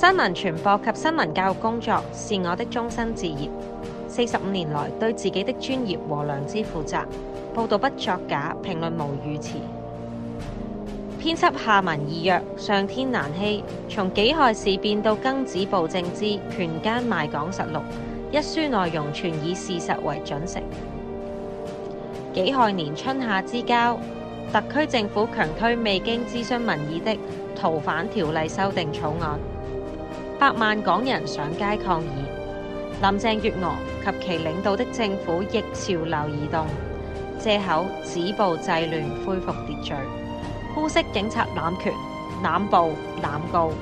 新聞傳播及新聞教育工作是我的終身志業。四十五年來，對自己的專業和良知負責，報道不作假，評論無語詞。編輯下民易虐，上天難欺。從《己亥事變》到《庚子暴政》之《權奸賣港實錄》，一書內容全以事實為準繩。己亥年春夏之交，特區政府強推未經諮詢民意的《逃犯條例》修訂草案。百萬港人上街抗議，林鄭月娥及其領導的政府逆潮流而動，借口止暴制亂，恢復秩，秩序，污蔑警察濫權、濫暴、濫告。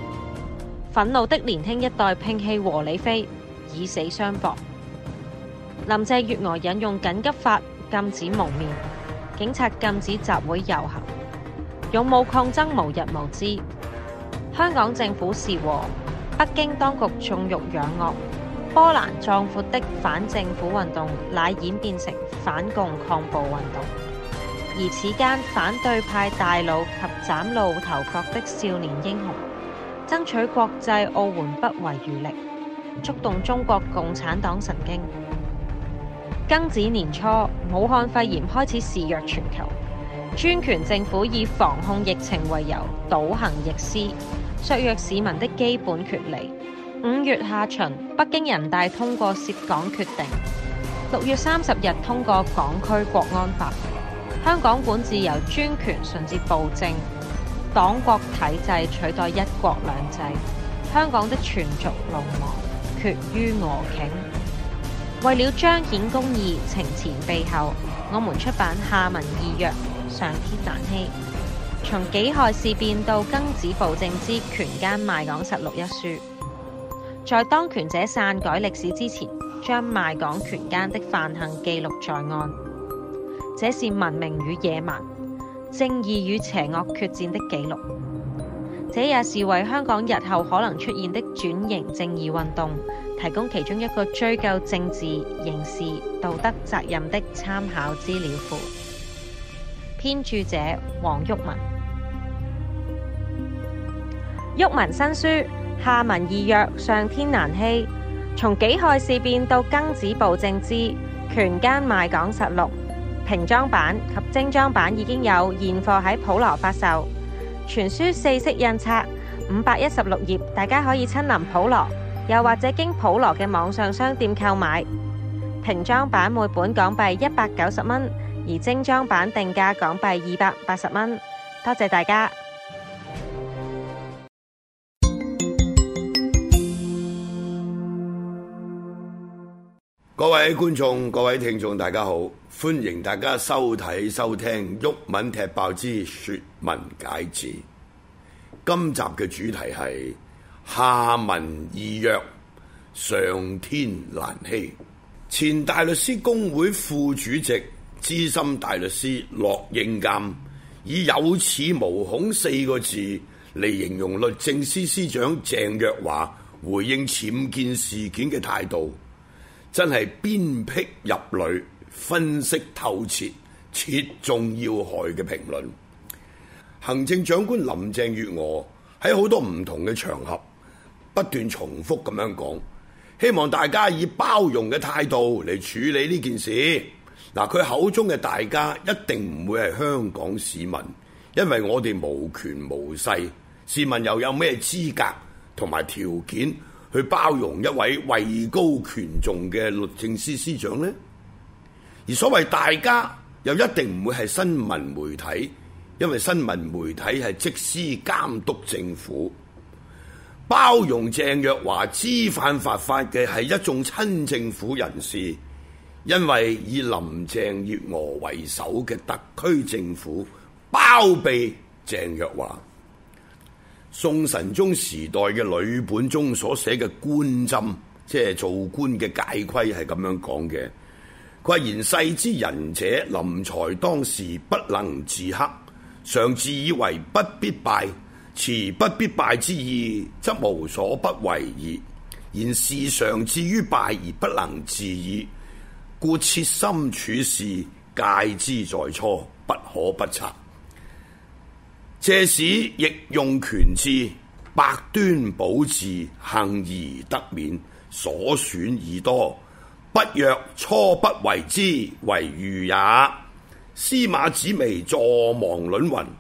憤怒的年輕一代摒棄和理非，以死相搏。林鄭月娥引用緊急法禁止蒙面，警察禁止集會遊行，勇武抗爭無日無之。香港政府是和。北京當局縱欲養惡，波瀾壯闊的反政府運動乃演變成反共抗暴運動，而此間反對派大佬及嶄露頭角的少年英雄，爭取國際奧援不遺餘力，觸動中國共產黨神經。庚子年初，武漢肺炎開始肆虐全球。專權政府以防控疫情為由，倒行逆施，削弱市民的基本權利。五月下旬，北京人大通過涉港決定；六月三十日通過港區國安法。香港管治由專權甚至暴政，黨國體制取代一國兩制。香港的全族龍亡，決於俄頃。為了彰顯公義，情前備後，我們出版下文意約。上天難欺，從己亥事變到庚子暴政之權奸賣港實錄一書，在當權者篡改歷史之前，將賣港權奸的犯行記錄在案，這是文明與野蠻、正義與邪惡決戰的記錄。這也是為香港日後可能出現的轉型正義運動提供其中一個追究政治、刑事、道德責任的參考資料庫。編著者黃毓民，毓民新書《下民易虐上天難欺》，從己亥事變到庚子暴政之權奸賣港實錄，平裝版及精裝版已經有現貨喺普羅發售。全書四色印刷，五百一十六頁，大家可以親臨普羅，又或者經普羅嘅網上商店購買。平裝版每本港幣一百九十蚊。而精裝版定價港幣二百八十蚊。多謝大家，各位觀眾、各位聽眾，大家好，歡迎大家收睇、收聽《毓民踢爆之說文解字》。今集嘅主題係下民易虐，上天難欺。前大律師公會副主席。資深大律師駱應淦以有恃無恐四個字嚟形容律政司司長鄭若驊回應僭建事件嘅態度，真係鞭辟入裏、分析透徹、切中要害嘅評論。行政長官林鄭月娥喺好多唔同嘅場合不斷重複咁樣講，希望大家以包容嘅態度嚟處理呢件事。嗱，佢口中嘅大家一定唔會係香港市民，因為我哋無權無勢，市民又有咩資格同埋條件去包容一位位高權重嘅律政司司長呢？而所謂大家又一定唔會係新聞媒體，因為新聞媒體係職司監督政府，包容鄭若驊知犯法法嘅係一眾親政府人士。因為以林鄭月娥為首嘅特區政府包庇鄭若驊，宋神宗時代嘅呂本中所寫嘅官箴，即係做官嘅戒規，係咁樣講嘅。佢話：賢世之人者，臨財當事，不能自克；常自以為不必敗，持不必敗之意，則無所不為矣。然事常至於敗而不能自已。故切身處事，戒之在初，不可不察。借使亦用權智，百端保治，幸而得免，所損已多。不若初不為之，為愚也。司馬子微坐忘論云：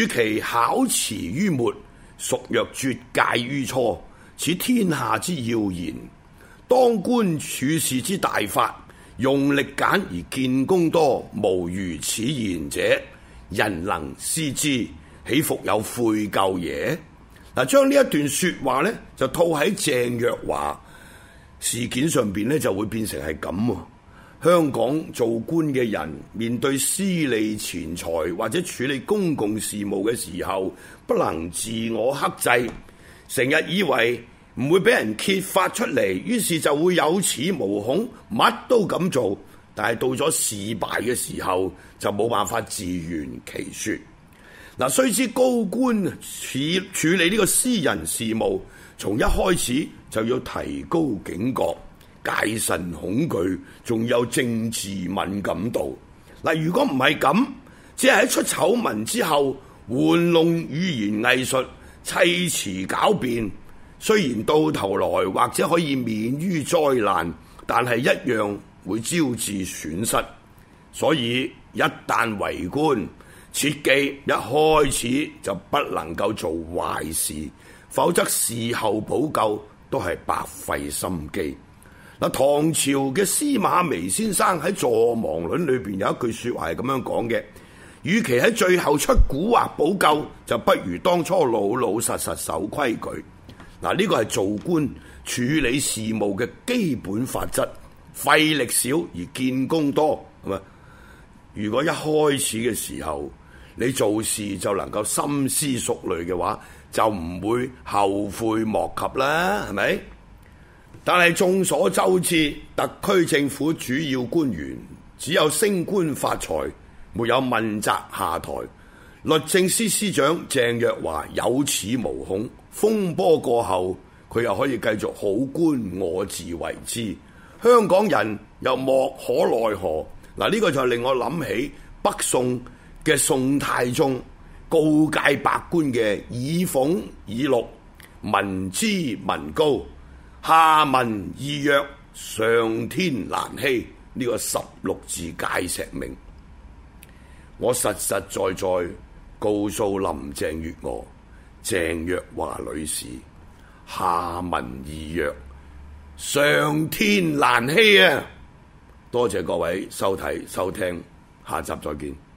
與其巧辭于末，孰若絕戒，戒於初？此天下之要言，當官處事之大法。用力簡而見功多，無如此言者，人能思之，豈復有悔咎也？嗱，將呢一段說話呢就套喺鄭若驊事件上邊呢，就會變成係咁。香港做官嘅人面對私利錢財或者處理公共事務嘅時候，不能自我克制，成日以為，唔會俾人揭發出嚟，於是就會有恃無恐，乜都噉做。但係到咗事敗嘅時候，就冇辦法自圓其説。嗱，須知高官處處理呢個私人事務，從一開始就要提高警覺，戒慎恐懼，仲有政治敏感度。嗱，如果唔係咁，只係喺出醜聞之後玩弄語言藝術、砌詞狡辯。雖然到頭來或者可以免於災難，但係一樣會招致損失。所以一旦為官，切記一開始就不能夠做壞事，否則事後補救都係白費心機。嗱，唐朝嘅司馬微先生喺《坐忘論》裏邊有一句說話係咁樣講嘅：與其喺最後出古惑補救，就不如當初老老實實守規矩。嗱，呢個係做官處理事務嘅基本法則，費力少而見功多，係嘛？如果一開始嘅時候你做事就能夠深思熟慮嘅話，就唔會後悔莫及啦，係咪？但係眾所周知，特區政府主要官員只有升官發財，沒有問責下台。律政司司長鄭若驊有恃無恐，風波過後佢又可以繼續好官我自為之。香港人又莫可奈何。嗱，呢個就令我諗起北宋嘅宋太宗告誡百官嘅爾俸爾祿，民脂民膏，下民易虐，上天難欺呢個十六字戒石銘。我實實在在。告訴林鄭月娥、鄭若驊女士，下民易虐，上天難欺啊！多謝各位收睇收聽，下集再見。